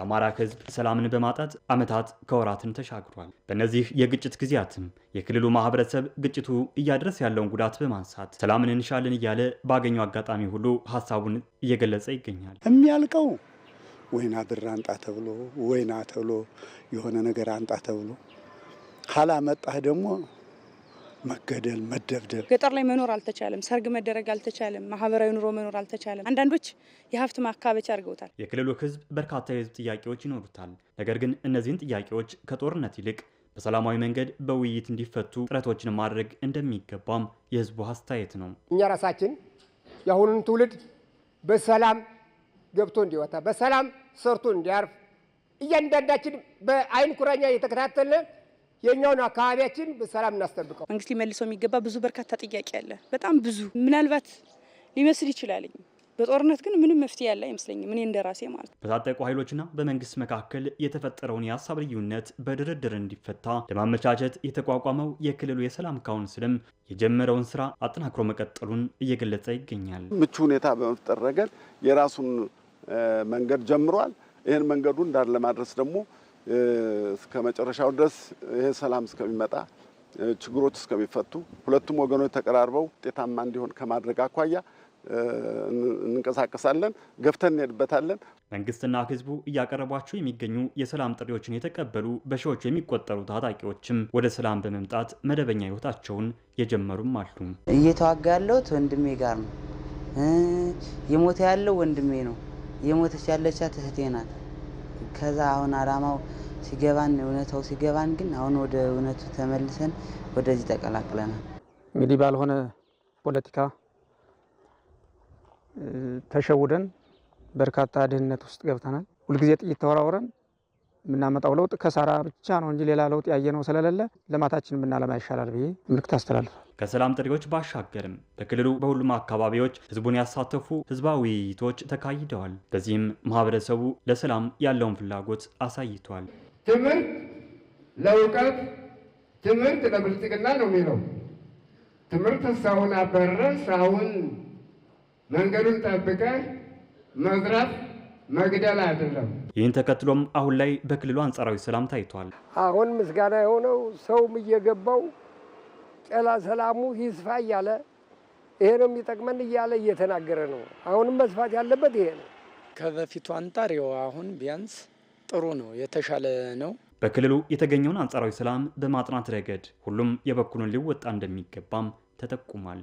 የአማራ ህዝብ ሰላምን በማጣት ዓመታት ከወራትን ተሻግሯል። በእነዚህ የግጭት ጊዜያትም የክልሉ ማህበረሰብ ግጭቱ እያደረሰ ያለውን ጉዳት በማንሳት ሰላምን እንሻለን እያለ ባገኘው አጋጣሚ ሁሉ ሀሳቡን እየገለጸ ይገኛል። የሚያልቀው ወይና ብር አንጣ ተብሎ ወይና ተብሎ የሆነ ነገር አንጣ ተብሎ ካላመጣህ ደግሞ መገደል፣ መደብደብ፣ ገጠር ላይ መኖር አልተቻለም። ሰርግ መደረግ አልተቻለም። ማህበራዊ ኑሮ መኖር አልተቻለም። አንዳንዶች የሀብት ማካበቻ አድርገውታል። የክልሉ ህዝብ በርካታ የህዝብ ጥያቄዎች ይኖሩታል። ነገር ግን እነዚህን ጥያቄዎች ከጦርነት ይልቅ በሰላማዊ መንገድ በውይይት እንዲፈቱ ጥረቶችን ማድረግ እንደሚገባም የህዝቡ አስተያየት ነው። እኛ ራሳችን የአሁኑን ትውልድ በሰላም ገብቶ እንዲወጣ፣ በሰላም ሰርቶ እንዲያርፍ እያንዳንዳችን በአይን ቁራኛ እየተከታተለ የኛውን አካባቢያችን በሰላም እናስጠብቀው። መንግስት ሊመልሰው የሚገባ ብዙ በርካታ ጥያቄ አለ። በጣም ብዙ ምናልባት ሊመስል ይችላልኝ በጦርነት ግን ምንም መፍትሄ ያለ አይመስለኝም። እኔ ራሴ ማለት በታጠቁ ኃይሎችና በመንግስት መካከል የተፈጠረውን የሀሳብ ልዩነት በድርድር እንዲፈታ ለማመቻቸት የተቋቋመው የክልሉ የሰላም ካውንስልም የጀመረውን ስራ አጠናክሮ መቀጠሉን እየገለጸ ይገኛል። ምቹ ሁኔታ በመፍጠር ረገድ የራሱን መንገድ ጀምሯል። ይህን መንገዱ እንዳለ ማድረስ ደግሞ እስከ መጨረሻው ድረስ ይሄ ሰላም እስከሚመጣ ችግሮች እስከሚፈቱ ሁለቱም ወገኖች ተቀራርበው ውጤታማ እንዲሆን ከማድረግ አኳያ እንንቀሳቀሳለን፣ ገፍተን እንሄድበታለን። መንግስትና ህዝቡ እያቀረቧቸው የሚገኙ የሰላም ጥሪዎችን የተቀበሉ በሺዎች የሚቆጠሩ ታጣቂዎችም ወደ ሰላም በመምጣት መደበኛ ህይወታቸውን የጀመሩም አሉ። እየተዋጋ ያለሁት ወንድሜ ጋር ነው። የሞተ ያለው ወንድሜ ነው። የሞተች ያለቻት እህቴ ናት። ከዛ አሁን አላማው ሲገባን እውነታው ሲገባን ግን አሁን ወደ እውነቱ ተመልሰን ወደዚህ ተቀላቅለናል። እንግዲህ ባልሆነ ፖለቲካ ተሸውደን በርካታ ድህነት ውስጥ ገብተናል። ሁልጊዜ ጥይት ተወራውረን የምናመጣው ለውጥ ከሳራ ብቻ ነው እንጂ ሌላ ለውጥ ያየነው ስለሌለ ልማታችን ብናለማ ይሻላል ብዬ ምልክት አስተላልፋል። ከሰላም ጥሪዎች ባሻገርም በክልሉ በሁሉም አካባቢዎች ህዝቡን ያሳተፉ ህዝባዊ ውይይቶች ተካሂደዋል። በዚህም ማህበረሰቡ ለሰላም ያለውን ፍላጎት አሳይቷል። ትምህርት ለእውቀት፣ ትምህርት ለብልጽግና ነው የሚለው ትምህርት ሰውን አበረ ሰውን መንገዱን ጠብቀ መዝራት መግደል አይደለም። ይህን ተከትሎም አሁን ላይ በክልሉ አንጻራዊ ሰላም ታይቷል። አሁን ምስጋና የሆነው ሰውም እየገባው ጨላ ሰላሙ ይስፋ እያለ ይሄ ነው የሚጠቅመን እያለ እየተናገረ ነው። አሁንም መስፋት ያለበት ይሄ ነው። ከበፊቱ አንጻር ይኸው አሁን ቢያንስ ጥሩ ነው፣ የተሻለ ነው። በክልሉ የተገኘውን አንጻራዊ ሰላም በማጥናት ረገድ ሁሉም የበኩሉን ሊወጣ እንደሚገባም ተጠቁሟል።